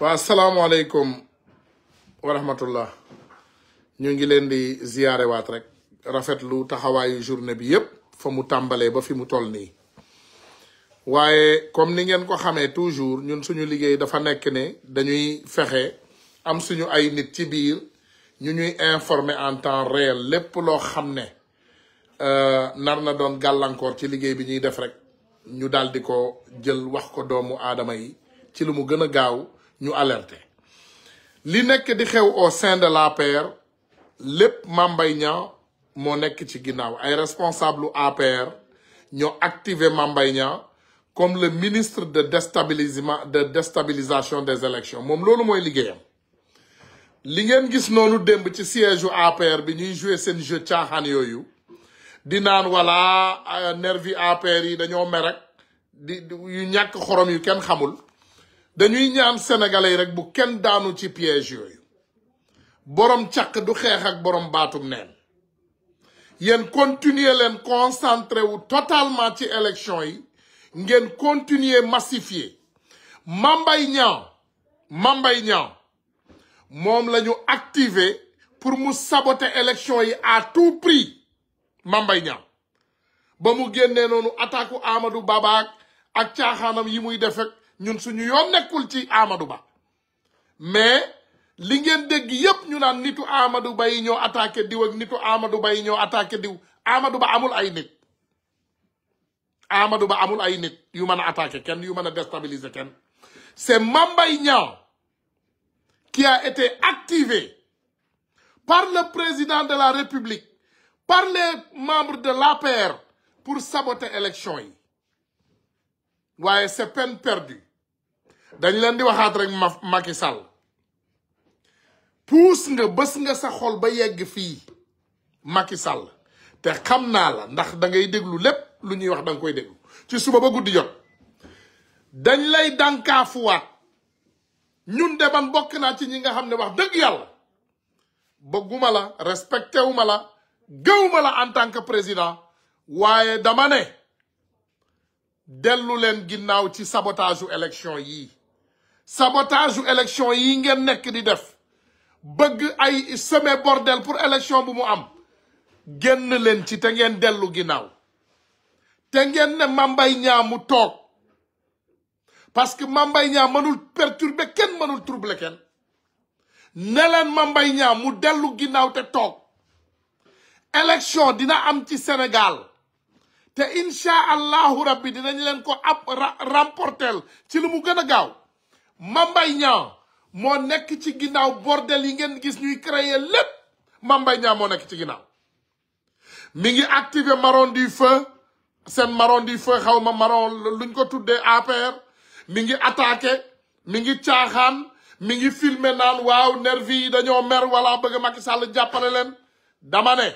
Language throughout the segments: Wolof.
waa salaamaaleykum wa rahmatullah ñu ngi leen di ziyaare waat rek rafetlu taxawaayu journée bi yépp fa mu tàmbalee ba fi mu toll nii waaye comme ni ngeen ko xamee toujours ñun suñu liggéey dafa nekk ne dañuy fexe am suñu ay nit ci biir ñu ñuy informer en temps réel lépp loo xam ne euh, nar na doon gàllankoor ci liggéey bi ñuy def rek ñu daal di ko jël wax ko doomu aadama yi ci lu mu gën a gaaw ñu alerte li nekk di xew au sein de l'APR lépp Mame moo nekk ci ginnaaw ay responsable APR ñoo activer Mame comme le ministre de déstabilisement de déstabilisation des élections moom loolu mooy liggéeyam li ngeen gis noonu démb ci siège u APR bi ñuy joué seen jeu caaxaan yooyu di naan wala euh, nervi APR yi dañoo mer ak di yu ñàkk xorom yu kenn xamul dañuy ñaan sénégalais rek bu kenn daanu ci piège yooyu borom caq du xeex ak borom baatum neen yéen continuer leen concentré wu totalement ci élection yi ngeen continuer massifier mambay ñaaw mambay ñaaw moom lañu active pour mu saboter élection yi à tout prix mambay ñaaw ba mu génnee noonu attaque Amadou Baba ak caaxaanam yi muy def ñun suñu yoon nekkul ci Amadou Ba mais li ngeen dégg yépp ñu naan nitu Amadou Ba yi ñoo attaqué diw ak nitu Amadou Ba yi ñoo attaqué diw Amadou Ba amul ay nit Amadou Ba amul ay nit yu mën a attaqué kenn yu mën a déstabiliser kenn c'est Mame Mbaye Niang qui a été activé par le président de la République par le membre de l'APR pour saboter élection yi waaye c'est peine perdue dañ leen di waxaat rek ma Macky Sall puus nga bës nga sa xol ba yegg fii Macky Sall te xam naa la ndax dangay déglu lépp lu ñuy wax danga koy déglu ci suba ba guddi jot dañ lay dànkaafuwaat ñun deman bokk naa ci ñi nga xam ne wax dëgg yàlla bëgguma la respecté wu ma la gëwuma la en tant que président waaye dama ne dellu leen ginnaaw ci sabotage u élection yii sabotage u élection yi ngeen nekk di def bëgg ay semer bordel pour élection bu mu am génn leen ci te ngeen dellu ginnaaw te ngeen ne mambay ñaa mu toog parce que mambay ñaa mënul perturber kenn mënul troubler kenn ne mambay ñaa mu dellu ginnaaw te toog élection dina am ci Sénégal te incha allahu rabbi dinañ leen ko ab remportel ci lu mu gën a gaaw Mambay Niang moo nekk ci ginnaaw bordel yi ngeen gis ñuy créer lépp Mambay Niang moo nekk ci ginnaaw mi ngi activer marron du feu seen marron du feu xaw ma marron luñ ko tuddee APR mi ngi attaqué mi ngi caaxaan mi ngi filmer naan waaw nervi yi dañoo mer wala bëgg Macky Sall jàppale leen dama ne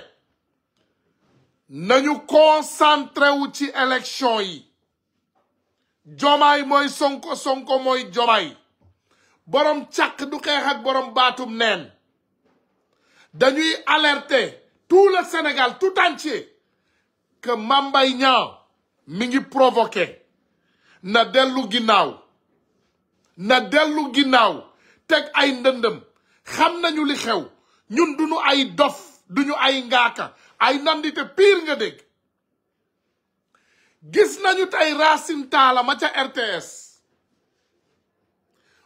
nañu concentré wu ci élection yi jomaay mooy sonko sonko mooy jomaay borom càq du xeex ak borom baatum neen dañuy alerter tout le Sénégal tout entier que Mame Mbaye Niang mi ngi provoqué na dellu ginnaaw na dellu ginnaaw teg ay ndëndëm xam nañu li xew ñun duñu ay dof duñu ay ngaaka ay nandite pire nga dégg gis nañu tey Racine Talla ma ca RTS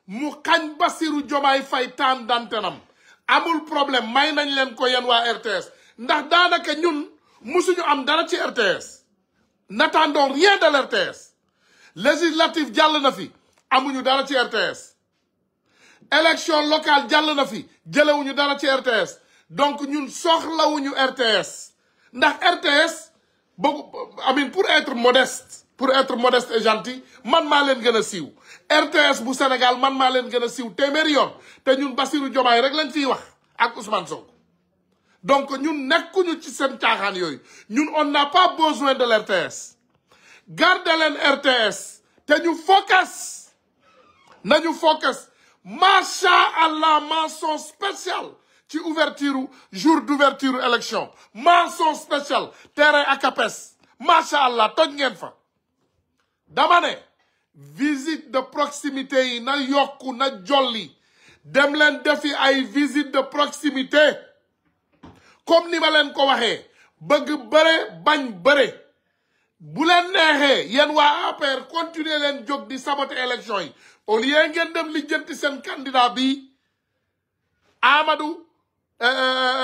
mu xañ Bassirou Diomaye Faye temps d'antenne amul problème may nañ leen ko yéen waa RTS ndax daanaka ñun musuñu am dara ci RTS n'attendons rien de l'RTS législative jàll na fi amuñu dara ci RTS élection locale jàll na fi jëlewuñu dara ci RTS donc ñun soxlawuñu RTS ndax RTS beaucoup amin pour être modeste pour être modeste et gentil man maa leen gën a siiw RTS bu Sénégal man maa leen gën a siiw téeméeri yoon te ñun Bassirou Diomaye rek lañ ciy wax ak Ousmane Sonko donc ñun nekkuñu ci seen caaxaan yooyu ñun on n'a pas besoin de l'RTS garde leen RTS te ñu focus nañu focus macha allah mention spéciale ci ouverture jour d'ouverture élection mention spéciale terrain akapes macha allah toj ngeen fa dama ne visite de proximité yi na yokku na jolli dem leen defi ay visite de proximité comme ni ma leen ko waxee bëgg bëre bañ bëre bu leen neexee yéen waa APR continuer leen jóg di saboter élection yi au lieu ngeen dem lijjanti seen candidat bi Amadou Eh, eh,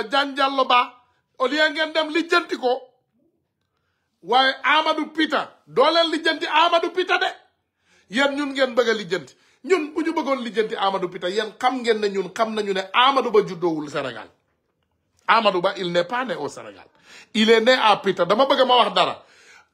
eh, janjallo ba au lieu ngeen dem lijjanti ko waaye Amadou Pita doo lijjanti Amadou Pita de yéen ñun ngeen bëgg a lijjanti ñun bu ñu bëggoon lijjanti Amadou Pita yéen xam ngeen ne ñun xam nañu ne Amadou Ba juddoowul Sénégal Amadou Ba il n'est pas né au Sénégal il est à Pita dama bëgg ma wax dara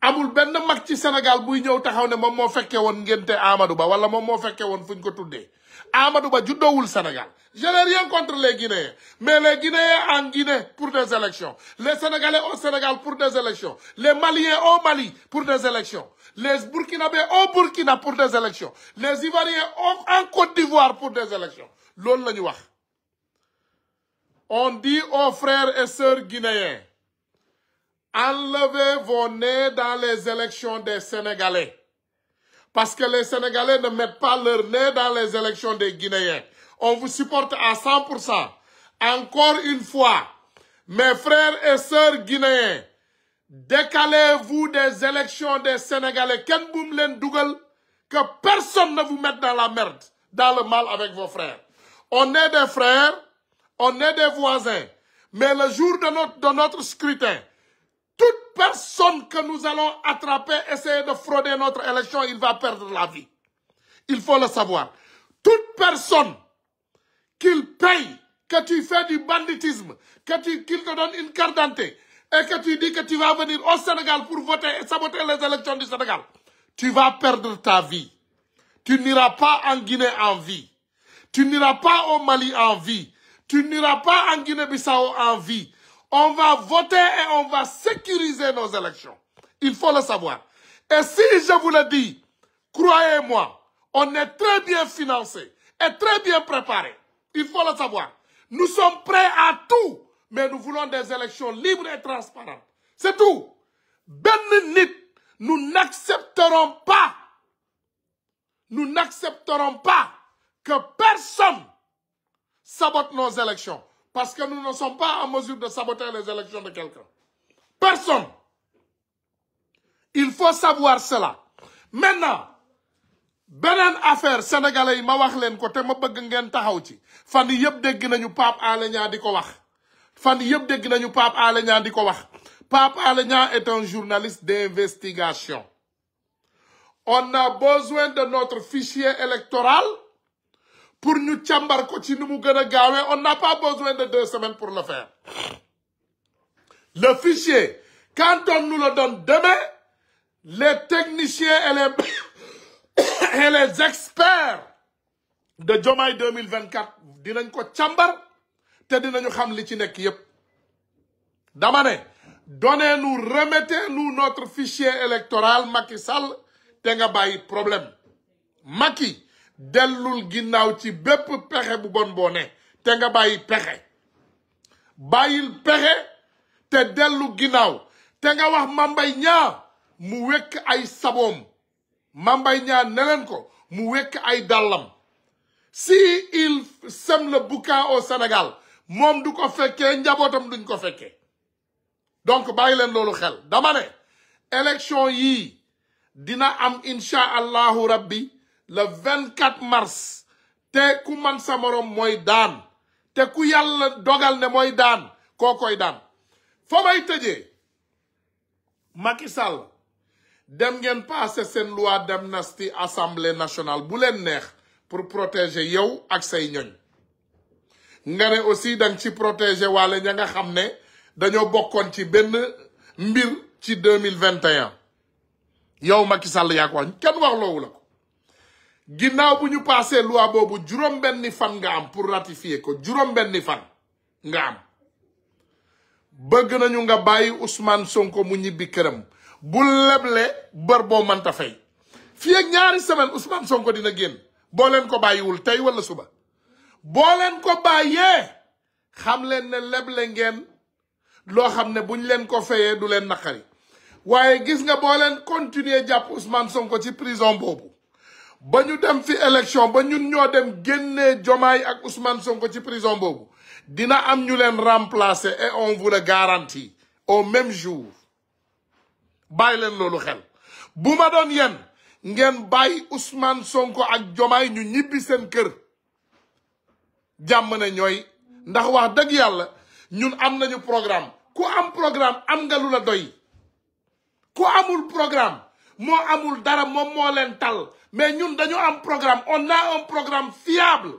amul benn mag ci Sénégal buy ñëw taxaw ne moom moo fekke woon ngénte Amadou Ba wala moom moo fekke woon fu ñu ko tuddee Amadou Ba juddoowul Sénégal je n'ai rien contre les Guinéens mais les Guinéens en Guinée pour des élections les Sénégalais au Sénégal pour des élections les Maliens au Mali pour des élections les Burkinabés au Burkina pour des élections les Ivoiriens en Côte d'Ivoire pour des élections loolu la ñu wax on dit aux frères et sœurs guinéens enlevez vos dans les élections des Sénégalais Parce que les Sénégalais ne mettent pas leur nez dans les élections des Guinéens. On vous supporte à 100%. Encore une fois, mes frères et sœurs guinéens, décalez-vous des élections des Sénégalais. Ken Boumlen Dougal, que personne ne vous mette dans la merde, dans le mal avec vos frères. On est des frères, on est des voisins. Mais le jour de notre, de notre scrutin, Toute personne que nous allons attraper, essayer de frauder notre élection, il va perdre la vie. Il faut le savoir. Toute personne qu'il paye, que tu fais du banditisme, que tu, qu'il une carte et que tu dis que tu vas venir au Sénégal pour voter et saboter les élections du Sénégal, tu vas perdre ta vie. Tu n'iras pas en Guinée en vie. Tu n'iras pas au Mali en vie. Tu n'iras pas en Guinée-Bissau en vie. On va voter et on va sécuriser nos élections. Il faut le savoir. Et si je vous le dis, croyez-moi, on est très bien financé et très bien préparé. Il faut le savoir. Nous sommes prêts à tout, mais nous voulons des élections libres et transparentes. C'est tout. benn nit nous n'accepterons pas nous n'accepterons pas que personne sabote nos élections Parce que nous ne sommes pas en mesure de saboter les élections de quelqu'un. Personne. Il faut savoir cela. Maintenant, beneen affaire sénégalais yi ma wax leen ko te ma bëgg ngeen taxaw ci fan yëpp dégg nañu Pape Alé Niang di ko wax fan yëpp dégg nañu Pape Alé Niang di ko wax Pape Alé Niang est un journaliste d'investigation on a besoin de notre fichier électoral pour nu càmbar ko ci ni mu gën a gaawee on n'a pas besoin de deux semaines pour le faire le fichier quand on nous le donne demain les techniciens et les et les experts de Diomaye 2024 dinañ ko càmbar te dinañu xam li ci nekk yépp dama ne donnez-nous remettez-nous notre fichier électoral Macky Sall te nga bàyyi problème maki dellul ginnaaw ci bépp pexe bu bon boo ne te nga bàyyi pexe bàyyil pexe te dellu ginnaaw te nga wax màmbay ñaa mu wekk ay saboom mambay ñaa neleen ko mu wekk ay dàllam si il sème le boucan au moom du ko fekkee njabootam duñ ko fekkee donc bàyyi leen loolu xel dama ne élection yii dina am incha allahu rabbi le 24 mars te ku man sa morom mooy daan te ku yàlla dogal ne mooy daan koo koy daan fa may tëjee Macky Sall dem ngeen passé seen loi d'amnistie assemblée nationale bu leen neex pour protéger yow ak say ñoñ nga ne aussi danga ci protéger waale ña nga xam ne dañoo bokkoon ci benn mbir ci 2021 yow Macky Sall yaa ko wax kenn wax loowu la ginnaaw bu ñu passé loi boobu juróom-benni fan nga am pour ratifier ko juróom-benni fan nga am bëgg nañu nga bàyyi Ousmane Sonko mu ñibbi këram bu leble bër boo mënta fay fii ak ñaari semaine Ousmane Sonko dina génn boo leen ko bàyyiwul tey wala suba boo leen ko bàyyee xam leen ne leble ngeen loo xam ne buñ leen ko fayee du leen naqari waaye gis nga boo leen continuer jàpp Ousmane Sonko ci prison boobu ba ñu dem fi élection ba ñun ñoo dem génnee Jomaay ak usman Sonko ci prison boobu dina am ñu leen remplacer et on vous au même jour bàyyi leen loolu xel bu ma doon yéen ngeen bàyyi Ousmane Sonko ak Jomaay ñu ñibbi seen kër jàmm ne ñooy ndax wax dëgg yàlla ñun am nañu programme ku am programme am nga lu la doy ku amul programme moo amul dara moom moo leen tal mais ñun dañu am programme on a un programme fiable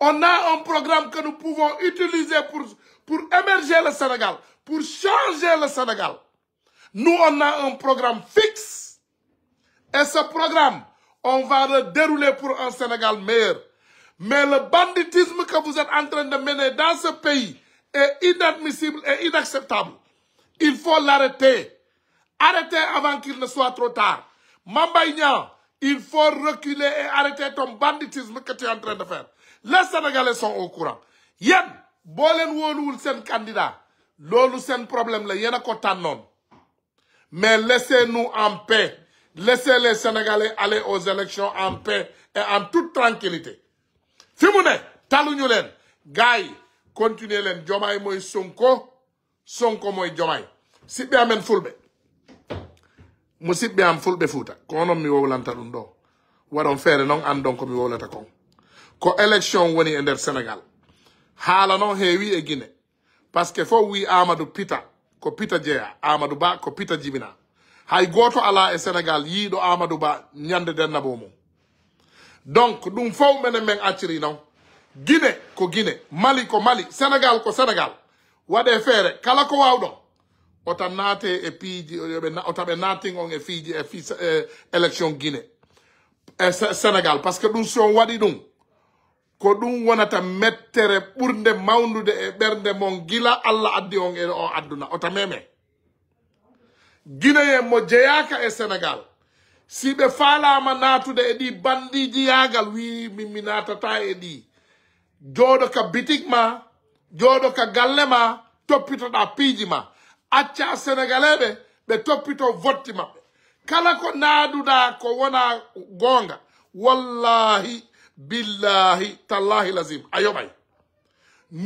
on a un programme que nous pouvons utiliser pour pour émerger le Sénégal pour changer le Sénégal nous on a un programme fixe et ce programme on va le dérouler pour un Sénégal meilleur mais le banditisme que vous êtes en train de mener dans ce pays est inadmissible et inacceptable il faut l'arrêter Arrêtez avant qu'il ne soit trop tard. Mambay il faut reculer et arrêter ton banditisme que tu es en train de faire. Les Sénégalais sont au courant. Yen, bolen woluul sen candidat. Lolu sen problème la yena ko tannon. Mais laissez-nous en paix. Laissez les Sénégalais aller aux élections en paix et en toute tranquillité. Fimune, taluñu len. Gay, continuez len. Jomay moy Sonko, Sonko moy Jomay. Si bien men fulbe. musidɓe am fulɓe fuuta ko onon mi wowlanta ɗum ɗo waɗon feere noon andon komi wowlata kon ko élection woni e nder sénégal haala noon heewi e guine par que fof wi amadou pita ko pita jeeya amadou ba ko pita jibina hay goto ala e sénégal yiiɗo amadou ba ñande dennabo mum donc ɗum fof menen men acciri noon guine ko guine mali ko mali sénégal ko sénégal waɗe feere kala ko wawɗon ota naate e piiji ota ɓe naatin on e fiiji e fi élection e sénégal par que ɗum si on waɗi ɗum ko ɗum wonata mettere ɓurde mawnude e ɓernde mon gila allah addi on e adduna ota meme guineyen mo jeyaka e sénégal si ɓe falama natude e ɗi bandiji yagal wi mimmi natata e ɗi jooɗo ka bitik ma jooɗo ka galle ma toppitoɗa piiji ma acca sénégalais ɓe ɓe toppito votti maɓɓe kala ko naaduɗa ko wona goonga wallahi billahi tallahi lazim a yoɓay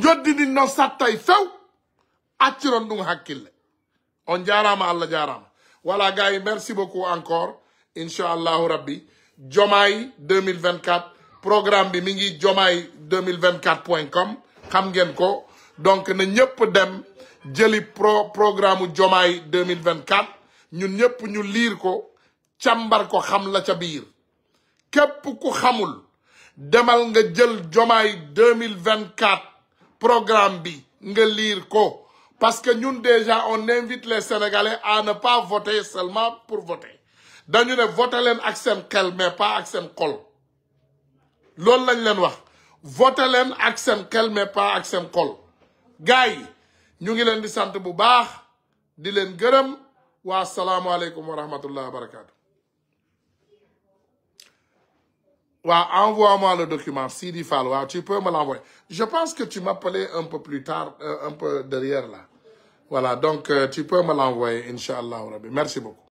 joddidin noon sattay few acciron ɗum hakkille on jarama allah jarama voilà gars yi merci beaucoup encore inchallahu rabbi jomaay 2024 programme bi mi ngi jomaay 2024 point com xam ngeen ko donc na ñëpp dem jëli pro programme Diomaye 2024 ñun ñëpp ñu liir ko càmbar ko xam la ca biir képp ku xamul demal nga jël Diomaye 2024 programme bi nga liir ko parce que ñun déjà on invite les Sénégalais à ne pas voter seulement pour voter dañu ne voter leen ak seen xel mais pas ak seen xol loolu lañ leen wax voter leen ak sen xel mais pas ak seen xol gars ñu ngi leen di sant bu baax di leen gërëm waa asalaamualeykum wa rahmatullah wa barakatu waaw envoie-moi le document Sidi Fall waaw tu peux me l'envoyer je pense que tu m'appelais un peu plus tard euh, un peu derrière là voilà donc euh, tu peux me l'envoyer incha allahu rabbi merci beaucoup